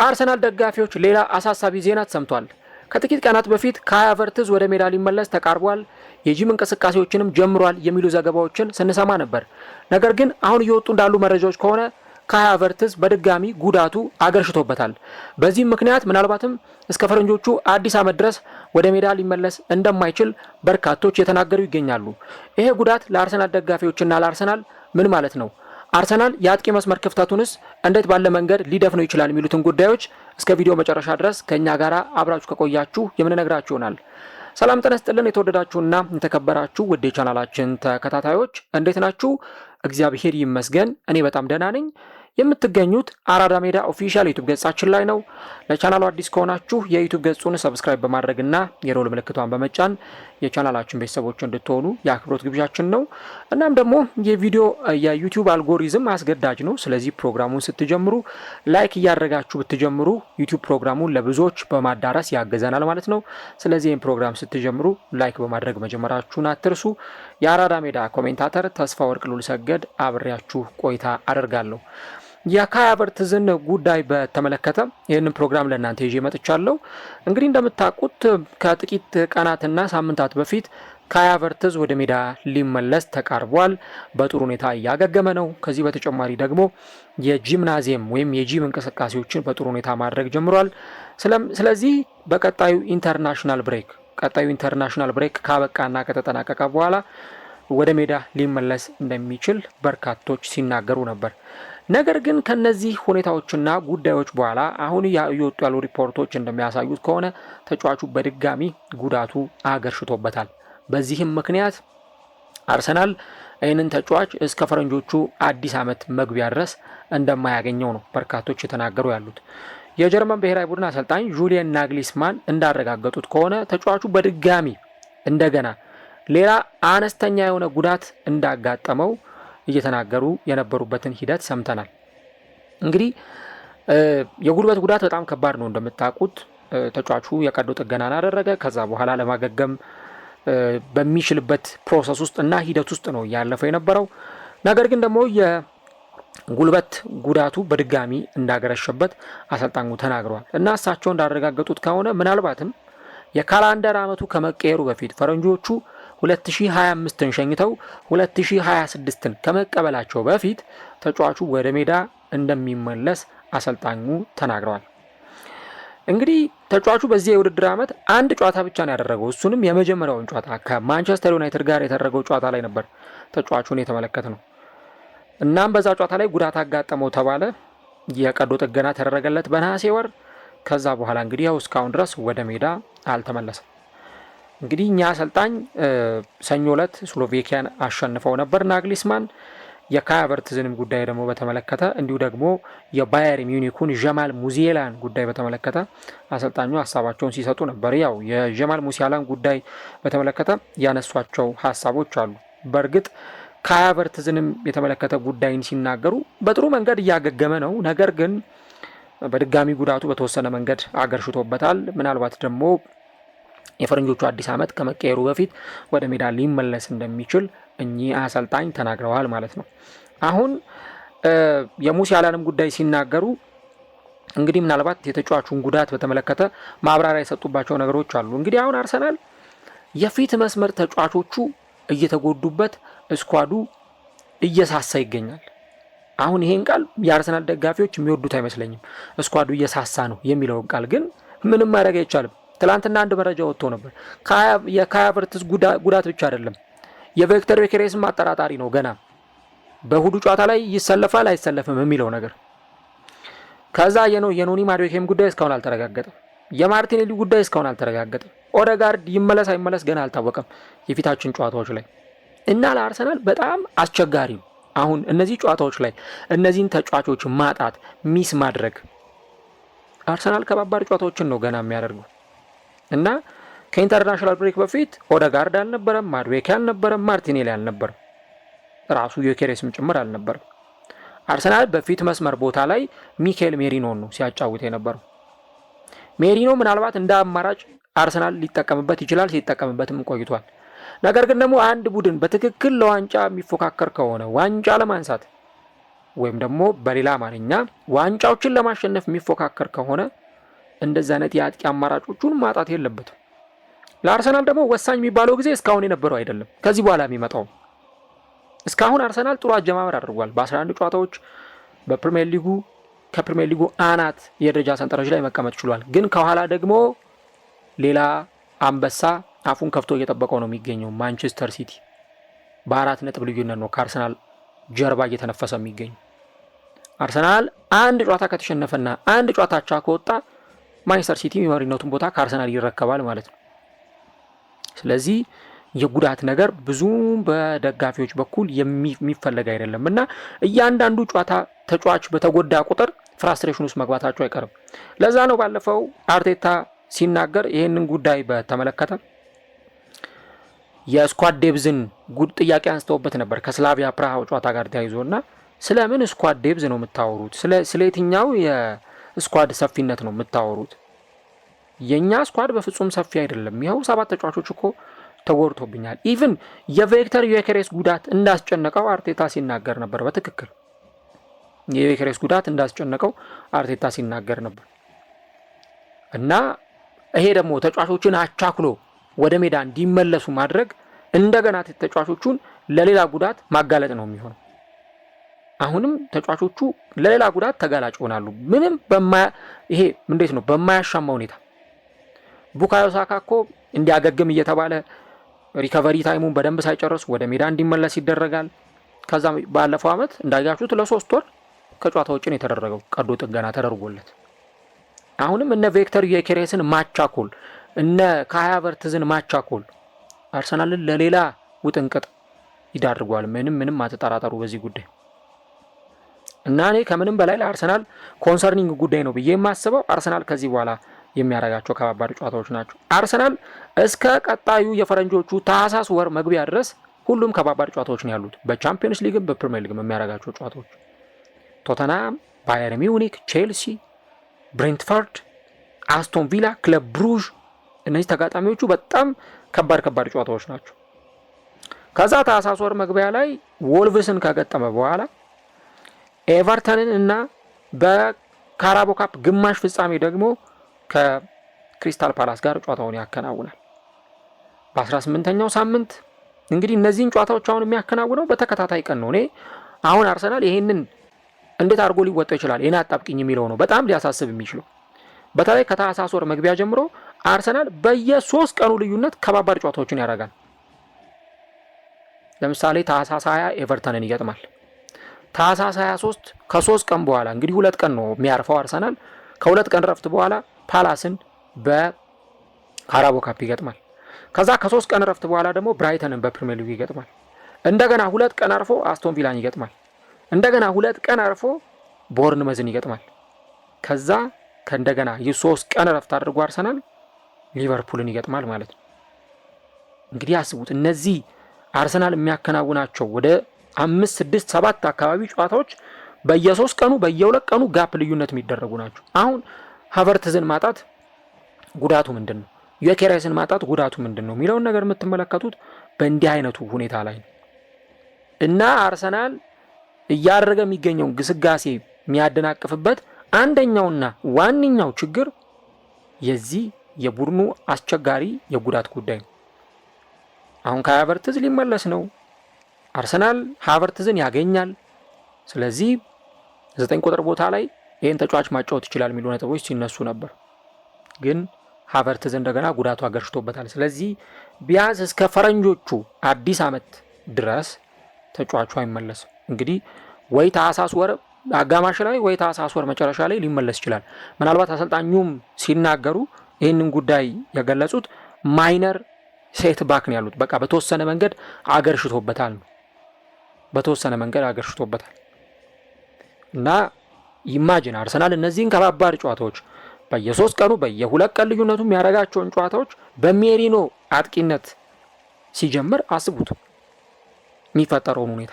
የአርሰናል ደጋፊዎች ሌላ አሳሳቢ ዜና ተሰምቷል። ከጥቂት ቀናት በፊት ካይ ሃቨርትዝ ወደ ሜዳ ሊመለስ ተቃርቧል፣ የጂም እንቅስቃሴዎችንም ጀምሯል የሚሉ ዘገባዎችን ስንሰማ ነበር። ነገር ግን አሁን እየወጡ እንዳሉ መረጃዎች ከሆነ ካይ ሃቨርትዝ በድጋሚ ጉዳቱ አገርሽቶበታል። በዚህም ምክንያት ምናልባትም እስከ ፈረንጆቹ አዲስ ዓመት ድረስ ወደ ሜዳ ሊመለስ እንደማይችል በርካቶች እየተናገሩ ይገኛሉ። ይሄ ጉዳት ለአርሰናል ደጋፊዎችና ለአርሰናል ምን ማለት ነው? አርሰናል የአጥቂ መስመር ክፍተቱንስ እንዴት ባለ መንገድ ሊደፍነው ይችላል የሚሉትን ጉዳዮች እስከ ቪዲዮ መጨረሻ ድረስ ከእኛ ጋር አብራችሁ ከቆያችሁ የምንነግራችሁ ይሆናል። ሰላም ጤና ይስጥልን። የተወደዳችሁና የተከበራችሁ ውድ የቻናላችን ተከታታዮች እንዴት ናችሁ? እግዚአብሔር ይመስገን እኔ በጣም ደህና ነኝ። የምትገኙት አራዳ ሜዳ ኦፊሻል ዩቱብ ገጻችን ላይ ነው። ለቻናሉ አዲስ ከሆናችሁ የዩቱብ ገጹን ሰብስክራይብ በማድረግና የሮል ምልክቷን በመጫን የቻናላችን ቤተሰቦች እንድትሆኑ የአክብሮት ግብዣችን ነው። እናም ደግሞ የቪዲዮ የዩቲዩብ አልጎሪዝም አስገዳጅ ነው። ስለዚህ ፕሮግራሙን ስትጀምሩ ላይክ እያደረጋችሁ ብትጀምሩ ዩቲዩብ ፕሮግራሙን ለብዙዎች በማዳረስ ያገዘናል ማለት ነው። ስለዚህ ይህን ፕሮግራም ስትጀምሩ ላይክ በማድረግ መጀመራችሁን አትርሱ። የአራዳ ሜዳ ኮሜንታተር ተስፋ ወርቅ ሉል ሰገድ አብሬያችሁ ቆይታ አደርጋለሁ። የካያቨርትዝን ጉዳይ በተመለከተ ይህንን ፕሮግራም ለእናንተ ይዤ መጥቻለሁ። እንግዲህ እንደምታውቁት ከጥቂት ቀናትና ሳምንታት በፊት ካያቨርትዝ ወደ ሜዳ ሊመለስ ተቃርቧል። በጥሩ ሁኔታ እያገገመ ነው። ከዚህ በተጨማሪ ደግሞ የጂምናዚየም ወይም የጂም እንቅስቃሴዎችን በጥሩ ሁኔታ ማድረግ ጀምሯል። ስለዚህ በቀጣዩ ኢንተርናሽናል ብሬክ ቀጣዩ ኢንተርናሽናል ብሬክ ካበቃና ከተጠናቀቀ በኋላ ወደ ሜዳ ሊመለስ እንደሚችል በርካቶች ሲናገሩ ነበር። ነገር ግን ከነዚህ ሁኔታዎችና ጉዳዮች በኋላ አሁን እየወጡ ያሉ ሪፖርቶች እንደሚያሳዩት ከሆነ ተጫዋቹ በድጋሚ ጉዳቱ አገርሽቶበታል። በዚህም ምክንያት አርሰናል ይህንን ተጫዋች እስከ ፈረንጆቹ አዲስ ዓመት መግቢያ ድረስ እንደማያገኘው ነው በርካቶች የተናገሩ ያሉት። የጀርመን ብሔራዊ ቡድን አሰልጣኝ ጁሊየን ናግሊስማን እንዳረጋገጡት ከሆነ ተጫዋቹ በድጋሚ እንደገና ሌላ አነስተኛ የሆነ ጉዳት እንዳጋጠመው እየተናገሩ የነበሩበትን ሂደት ሰምተናል። እንግዲህ የጉልበት ጉዳት በጣም ከባድ ነው እንደምታውቁት። ተጫዋቹ የቀዶ ጥገናን አደረገ። ከዛ በኋላ ለማገገም በሚችልበት ፕሮሰስ ውስጥ እና ሂደት ውስጥ ነው እያለፈው የነበረው። ነገር ግን ደግሞ የጉልበት ጉዳቱ በድጋሚ እንዳገረሸበት አሰልጣኙ ተናግረዋል እና እሳቸው እንዳረጋገጡት ከሆነ ምናልባትም የካላንደር ዓመቱ ከመቀየሩ በፊት ፈረንጆቹ 2025ን ሸኝተው 2026ን ከመቀበላቸው በፊት ተጫዋቹ ወደ ሜዳ እንደሚመለስ አሰልጣኙ ተናግረዋል። እንግዲህ ተጫዋቹ በዚህ የውድድር ዓመት አንድ ጨዋታ ብቻ ነው ያደረገው። እሱንም የመጀመሪያውን ጨዋታ ከማንቸስተር ዩናይትድ ጋር የተደረገው ጨዋታ ላይ ነበር ተጫዋቹን የተመለከት ነው። እናም በዛ ጨዋታ ላይ ጉዳት አጋጠመው ተባለ። የቀዶ ጥገና ተደረገለት በነሐሴ ወር። ከዛ በኋላ እንግዲህ ያው እስካሁን ድረስ ወደ ሜዳ አልተመለሰም። እንግዲህ እኛ አሰልጣኝ ሰኞ ዕለት ስሎቬኪያን አሸንፈው ነበር ናግሊስማን። የካያ ጉዳይ ደግሞ በተመለከተ እንዲሁ ደግሞ የባየር ሚኒኩን ጀማል ሙዚላን ጉዳይ በተመለከተ አሰልጣኙ ሀሳባቸውን ሲሰጡ ነበር። ያው የዣማል ሙሲያላን ጉዳይ በተመለከተ ያነሷቸው ሀሳቦች አሉ። በእርግጥ ካያ የተመለከተ ጉዳይን ሲናገሩ በጥሩ መንገድ እያገገመ ነው፣ ነገር ግን በድጋሚ ጉዳቱ በተወሰነ መንገድ አገርሽቶበታል። ምናልባት ደግሞ የፈረንጆቹ አዲስ ዓመት ከመቀየሩ በፊት ወደ ሜዳ ሊመለስ እንደሚችል እኚህ አሰልጣኝ ተናግረዋል ማለት ነው። አሁን የሙሲያላንም ጉዳይ ሲናገሩ እንግዲህ ምናልባት የተጫዋቹን ጉዳት በተመለከተ ማብራሪያ የሰጡባቸው ነገሮች አሉ። እንግዲህ አሁን አርሰናል የፊት መስመር ተጫዋቾቹ እየተጎዱበት እስኳዱ እየሳሳ ይገኛል። አሁን ይሄን ቃል የአርሰናል ደጋፊዎች የሚወዱት አይመስለኝም። እስኳዱ እየሳሳ ነው የሚለውን ቃል ግን ምንም ማድረግ አይቻልም። ትላንትና አንድ መረጃ ወጥቶ ነበር። የካያ ቨርትዝ ጉዳት ብቻ አይደለም፣ የቬክተር ኬሬስም አጠራጣሪ ነው። ገና በእሁዱ ጨዋታ ላይ ይሰለፋል አይሰለፍም የሚለው ነገር። ከዛ የኖኒ ማዱኬም ጉዳይ እስካሁን አልተረጋገጠም። የማርቲኔሊ ጉዳይ እስካሁን አልተረጋገጠም። ኦደጋርድ ይመለስ አይመለስ ገና አልታወቀም። የፊታችን ጨዋታዎች ላይ እና ለአርሰናል በጣም ነው አሁን እነዚህ ጨዋታዎች ላይ እነዚህን ተጫዋቾች ማጣት ሚስ ማድረግ አርሰናል ከባባድ ጨዋታዎችን ነው ገና የሚያደርገው። እና ከኢንተርናሽናል ብሬክ በፊት ኦደጋርድ አልነበረም፣ ማድዌኪ አልነበረም፣ ማርቲኔሊ አልነበረም፣ ራሱ ዮኬሬስም ጭምር አልነበረም። አርሰናል በፊት መስመር ቦታ ላይ ሚካኤል ሜሪኖን ነው ሲያጫውት የነበረው። ሜሪኖ ምናልባት እንደ አማራጭ አርሰናል ሊጠቀምበት ይችላል፣ ሲጠቀምበትም ቆይቷል። ነገር ግን ደግሞ አንድ ቡድን በትክክል ለዋንጫ የሚፎካከር ከሆነ ዋንጫ ለማንሳት ወይም ደግሞ በሌላ አማርኛ ዋንጫዎችን ለማሸነፍ የሚፎካከር ከሆነ እንደዚህ አይነት የአጥቂ አማራጮቹን ማጣት የለበትም። ለአርሰናል ደግሞ ወሳኝ የሚባለው ጊዜ እስካሁን የነበረው አይደለም፣ ከዚህ በኋላ የሚመጣው። እስካሁን አርሰናል ጥሩ አጀማመር አድርጓል። በ11 ጨዋታዎች በፕሪሚየር ሊጉ ከፕሪሚየር ሊጉ አናት የደረጃ ሰንጠረዥ ላይ መቀመጥ ችሏል። ግን ከኋላ ደግሞ ሌላ አንበሳ አፉን ከፍቶ እየጠበቀው ነው የሚገኘው ማንቸስተር ሲቲ በአራት ነጥብ ልዩነት ነው ከአርሰናል ጀርባ እየተነፈሰ የሚገኝ። አርሰናል አንድ ጨዋታ ከተሸነፈና አንድ ጨዋታ አቻ ከወጣ ማንቸስተር ሲቲ የመሪነቱን ቦታ ከአርሰናል ይረከባል ማለት ነው። ስለዚህ የጉዳት ነገር ብዙም በደጋፊዎች በኩል የሚፈለግ አይደለም እና እያንዳንዱ ጨዋታ ተጫዋች በተጎዳ ቁጥር ፍራስትሬሽን ውስጥ መግባታቸው አይቀርም። ለዛ ነው ባለፈው አርቴታ ሲናገር ይህንን ጉዳይ በተመለከተ የስኳድ ዴብዝን ጉድ ጥያቄ አንስተውበት ነበር ከስላቪያ ፕራሃው ጨዋታ ጋር ተያይዞ እና ስለምን ስኳድ ዴብዝ ነው የምታወሩት? ስለ የትኛው ስኳድ ሰፊነት ነው የምታወሩት። የእኛ ስኳድ በፍጹም ሰፊ አይደለም። ይኸው ሰባት ተጫዋቾች እኮ ተጎድቶብኛል። ኢቭን የቬክተር ዩኬሬስ ጉዳት እንዳስጨነቀው አርቴታ ሲናገር ነበር። በትክክል የዩኬሬስ ጉዳት እንዳስጨነቀው አርቴታ ሲናገር ነበር እና ይሄ ደግሞ ተጫዋቾችን አቻክሎ ወደ ሜዳ እንዲመለሱ ማድረግ እንደገና ተጫዋቾቹን ለሌላ ጉዳት ማጋለጥ ነው የሚሆነው። አሁንም ተጫዋቾቹ ለሌላ ጉዳት ተጋላጭ ይሆናሉ። ምንም ይሄ እንዴት ነው በማያሻማ ሁኔታ ቡካዮ ሳካ እኮ እንዲያገግም እየተባለ ሪከቨሪ ታይሙን በደንብ ሳይጨርስ ወደ ሜዳ እንዲመለስ ይደረጋል። ከዛ ባለፈው ዓመት እንዳያችሁት ለሶስት ወር ከጨዋታ ውጭ ነው የተደረገው ቀዶ ጥገና ተደርጎለት። አሁንም እነ ቬክተር ዩኬሬስን ማቻኮል እነ ካይ ሃቨርትዝን ማቻኮል አርሰናልን ለሌላ ውጥንቅጥ ይዳርጓል። ምንም ምንም አትጠራጠሩ በዚህ ጉዳይ። እና እኔ ከምንም በላይ ለአርሰናል ኮንሰርኒንግ ጉዳይ ነው ብዬ የማስበው አርሰናል ከዚህ በኋላ የሚያደርጋቸው ከባባድ ጨዋታዎች ናቸው። አርሰናል እስከ ቀጣዩ የፈረንጆቹ ታህሳስ ወር መግቢያ ድረስ ሁሉም ከባባድ ጨዋታዎች ነው ያሉት፣ በቻምፒዮንስ ሊግም በፕሪሚየር ሊግም የሚያደርጋቸው ጨዋታዎች ቶተናም፣ ባየር ሚውኒክ፣ ቼልሲ፣ ብሬንትፈርድ፣ አስቶን ቪላ፣ ክለብ ብሩዥ እነዚህ ተጋጣሚዎቹ በጣም ከባድ ከባድ ጨዋታዎች ናቸው። ከዛ ታህሳስ ወር መግቢያ ላይ ወልቭስን ከገጠመ በኋላ ኤቨርተንን እና በካራቦ ካፕ ግማሽ ፍጻሜ ደግሞ ከክሪስታል ፓላስ ጋር ጨዋታውን ያከናውናል። በ18ኛው ሳምንት እንግዲህ እነዚህን ጨዋታዎች አሁን የሚያከናውነው በተከታታይ ቀን ነው። እኔ አሁን አርሰናል ይሄንን እንዴት አድርጎ ሊወጣው ይችላል ይህን አጣብቂኝ የሚለው ነው በጣም ሊያሳስብ የሚችለው በተለይ ከታህሳስ ወር መግቢያ ጀምሮ አርሰናል በየሶስት ቀኑ ልዩነት ከባባድ ጨዋታዎችን ያደርጋል። ለምሳሌ ታህሳስ 20 ኤቨርተንን ይገጥማል። ታህሳስ 23 ከሶስት ቀን በኋላ እንግዲህ ሁለት ቀን ነው የሚያርፈው አርሰናል። ከሁለት ቀን ረፍት በኋላ ፓላስን በካራቦ ካፕ ይገጥማል። ከዛ ከሶስት ቀን ረፍት በኋላ ደግሞ ብራይተንን በፕሪሚየር ሊግ ይገጥማል። እንደገና ሁለት ቀን አርፎ አስቶን ቪላን ይገጥማል። እንደገና ሁለት ቀን አርፎ ቦርን መዝን ይገጥማል። ከዛ ከእንደገና የሶስት ቀን ረፍት አድርጎ አርሰናል ሊቨርፑልን ይገጥማል ማለት ነው። እንግዲህ አስቡት እነዚህ አርሰናል የሚያከናውናቸው ወደ አምስት ስድስት ሰባት አካባቢ ጨዋታዎች በየሶስት ቀኑ በየሁለት ቀኑ ጋፕ ልዩነት የሚደረጉ ናቸው። አሁን ሀቨርትዝን ማጣት ጉዳቱ ምንድን ነው? የኬራይስን ማጣት ጉዳቱ ምንድን ነው የሚለውን ነገር የምትመለከቱት በእንዲህ አይነቱ ሁኔታ ላይ ነው እና አርሰናል እያደረገ የሚገኘውን ግስጋሴ የሚያደናቅፍበት አንደኛውና ዋነኛው ችግር የዚህ የቡድኑ አስቸጋሪ የጉዳት ጉዳይ ነው። አሁን ከሀቨርትዝ ሊመለስ ነው። አርሰናል ሀቨርትዝን ያገኛል። ስለዚህ ዘጠኝ ቁጥር ቦታ ላይ ይህን ተጫዋች ማጫወት ይችላል የሚሉ ነጥቦች ሲነሱ ነበር። ግን ሀቨርትዝ እንደገና ጉዳቱ አገርሽቶበታል። ስለዚህ ቢያንስ እስከ ፈረንጆቹ አዲስ ዓመት ድረስ ተጫዋቹ አይመለስም። እንግዲህ ወይ ታህሳስ ወር አጋማሽ ላይ ወይ ታህሳስ ወር መጨረሻ ላይ ሊመለስ ይችላል። ምናልባት አሰልጣኙም ሲናገሩ ይህንን ጉዳይ የገለጹት ማይነር ሴት ባክ ነው ያሉት። በቃ በተወሰነ መንገድ አገርሽቶበታል ነው በተወሰነ መንገድ አገርሽቶበታል እና ይማጅን አርሰናል እነዚህን ከባባድ ጨዋታዎች በየሶስት ቀኑ በየሁለት ቀን ልዩነቱ የሚያደርጋቸውን ጨዋታዎች በሜሪኖ አጥቂነት ሲጀምር አስቡት የሚፈጠረውን ሁኔታ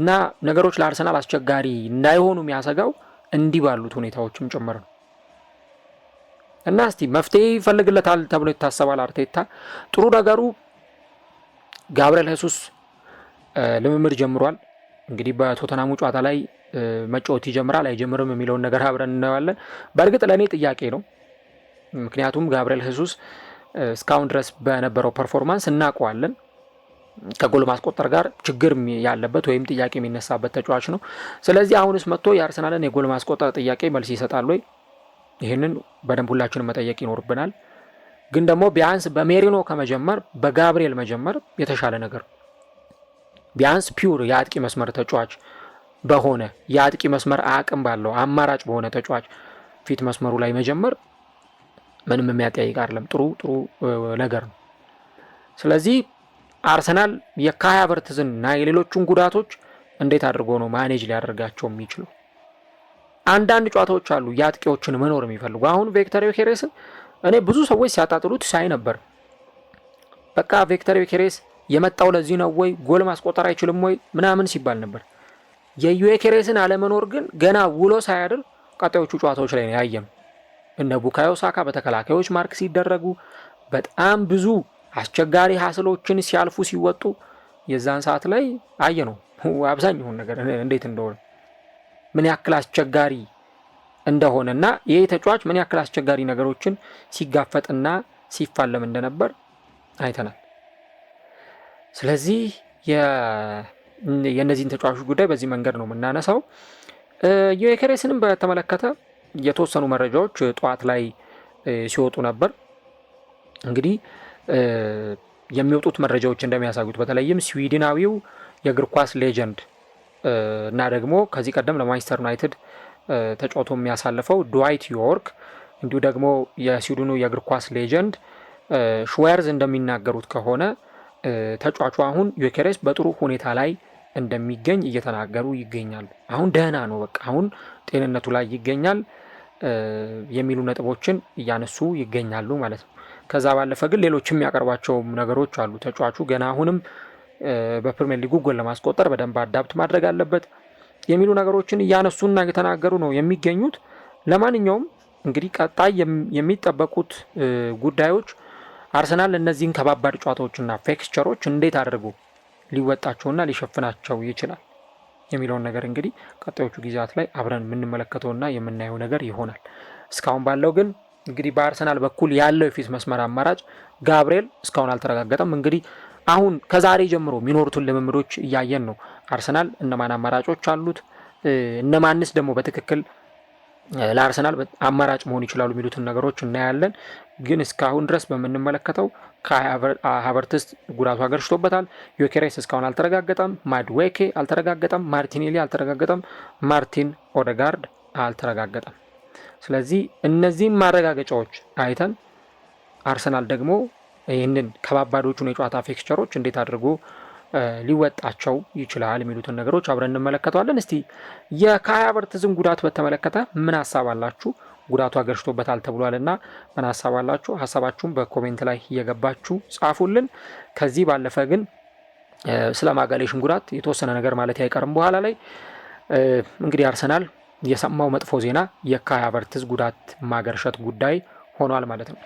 እና ነገሮች ለአርሰናል አስቸጋሪ እንዳይሆኑ የሚያሰጋው እንዲህ ባሉት ሁኔታዎችም ጭምር ነው። እና እስቲ መፍትሄ ይፈልግለታል ተብሎ ይታሰባል። አርቴታ ጥሩ ነገሩ ጋብርኤል ሄሱስ ልምምድ ጀምሯል። እንግዲህ በቶተናሙ ጨዋታ ላይ መጫወት ይጀምራል አይጀምርም የሚለውን ነገር አብረን እናየዋለን። በእርግጥ ለእኔ ጥያቄ ነው። ምክንያቱም ጋብርኤል ህሱስ እስካሁን ድረስ በነበረው ፐርፎርማንስ እናውቀዋለን ከጎል ማስቆጠር ጋር ችግር ያለበት ወይም ጥያቄ የሚነሳበት ተጫዋች ነው። ስለዚህ አሁንስ መጥቶ የአርሰናልን የጎል ማስቆጠር ጥያቄ መልስ ይሰጣል ወይ? ይህንን በደንብ ሁላችንም መጠየቅ ይኖርብናል። ግን ደግሞ ቢያንስ በሜሪኖ ከመጀመር በጋብርኤል መጀመር የተሻለ ነገር ቢያንስ ፒውር የአጥቂ መስመር ተጫዋች በሆነ የአጥቂ መስመር አቅም ባለው አማራጭ በሆነ ተጫዋች ፊት መስመሩ ላይ መጀመር ምንም የሚያጠያይቅ አይደለም። ጥሩ ጥሩ ነገር ነው። ስለዚህ አርሰናል የካይ ሃቨርትዝን እና የሌሎቹን ጉዳቶች እንዴት አድርጎ ነው ማኔጅ ሊያደርጋቸው የሚችሉ? አንዳንድ ጨዋታዎች አሉ የአጥቂዎችን መኖር የሚፈልጉ አሁን ቬክተር ዮኬሬስን እኔ ብዙ ሰዎች ሲያጣጥሉት ሳይ ነበር። በቃ ቬክተር ዮኬሬስ የመጣው ለዚህ ነው ወይ ጎል ማስቆጠር አይችልም ወይ ምናምን ሲባል ነበር። የዩኬሬስን አለመኖር ግን ገና ውሎ ሳያድር ቀጣዮቹ ጨዋታዎች ላይ ነው ያየም። እነ ቡካዮ ሳካ በተከላካዮች ማርክ ሲደረጉ በጣም ብዙ አስቸጋሪ ሀስሎችን ሲያልፉ ሲወጡ የዛን ሰዓት ላይ አየ ነው አብዛኛውን ነገር እንዴት እንደሆነ ምን ያክል አስቸጋሪ እንደሆነ እና ይህ ተጫዋች ምን ያክል አስቸጋሪ ነገሮችን ሲጋፈጥና ሲፋለም እንደነበር አይተናል። ስለዚህ የእነዚህን ተጫዋቾች ጉዳይ በዚህ መንገድ ነው የምናነሳው። የኬሬስንም በተመለከተ የተወሰኑ መረጃዎች ጠዋት ላይ ሲወጡ ነበር። እንግዲህ የሚወጡት መረጃዎች እንደሚያሳዩት በተለይም ስዊድናዊው የእግር ኳስ ሌጀንድ እና ደግሞ ከዚህ ቀደም ለማንቸስተር ዩናይትድ ተጫውቶ የሚያሳልፈው ድዋይት ዮርክ እንዲሁ ደግሞ የስዊድኑ የእግር ኳስ ሌጀንድ ሽዌርዝ እንደሚናገሩት ከሆነ ተጫዋቹ አሁን ዩኬሬስ በጥሩ ሁኔታ ላይ እንደሚገኝ እየተናገሩ ይገኛሉ። አሁን ደህና ነው፣ በቃ አሁን ጤንነቱ ላይ ይገኛል የሚሉ ነጥቦችን እያነሱ ይገኛሉ ማለት ነው። ከዛ ባለፈ ግን ሌሎች የሚያቀርባቸው ነገሮች አሉ። ተጫዋቹ ገና አሁንም በፕሪሚየር ሊጉ ጎል ለማስቆጠር በደንብ አዳብት ማድረግ አለበት የሚሉ ነገሮችን እያነሱና እየተናገሩ ነው የሚገኙት። ለማንኛውም እንግዲህ ቀጣይ የሚጠበቁት ጉዳዮች አርሰናል እነዚህን ከባባድ ጨዋታዎችና ፌክስቸሮች እንዴት አድርጎ ሊወጣቸውና ሊሸፍናቸው ይችላል የሚለውን ነገር እንግዲህ ቀጣዮቹ ጊዜያት ላይ አብረን የምንመለከተውና የምናየው ነገር ይሆናል። እስካሁን ባለው ግን እንግዲህ በአርሰናል በኩል ያለው የፊት መስመር አማራጭ ጋብርኤል እስካሁን አልተረጋገጠም። እንግዲህ አሁን ከዛሬ ጀምሮ የሚኖሩትን ልምምዶች እያየን ነው። አርሰናል እነማን አማራጮች አሉት፣ እነማንስ ደግሞ በትክክል ለአርሰናል አማራጭ መሆን ይችላሉ የሚሉትን ነገሮች እናያለን። ግን እስካሁን ድረስ በምንመለከተው ከሀቨርትስ ጉዳቱ አገርሽቶበታል። ዮኬሬስ እስካሁን አልተረጋገጠም። ማድዌኬ አልተረጋገጠም። ማርቲኔሊ አልተረጋገጠም። ማርቲን ኦደጋርድ አልተረጋገጠም። ስለዚህ እነዚህም ማረጋገጫዎች አይተን አርሰናል ደግሞ ይህንን ከባባዶቹን የጨዋታ ፊክስቸሮች እንዴት አድርጎ ሊወጣቸው ይችላል የሚሉትን ነገሮች አብረን እንመለከተዋለን። እስቲ የካይ ሃቨርትዝን ጉዳት በተመለከተ ምን ሀሳብ አላችሁ? ጉዳቱ አገርሽቶበታል ተብሏል እና ምን ሀሳብ አላችሁ? ሀሳባችሁን በኮሜንት ላይ እየገባችሁ ጻፉልን። ከዚህ ባለፈ ግን ስለ ማጋሌሽን ጉዳት የተወሰነ ነገር ማለት አይቀርም በኋላ ላይ እንግዲህ አርሰናል የሰማው መጥፎ ዜና የካይ ሃቨርትዝ ጉዳት ማገርሸት ጉዳይ ሆኗል ማለት ነው።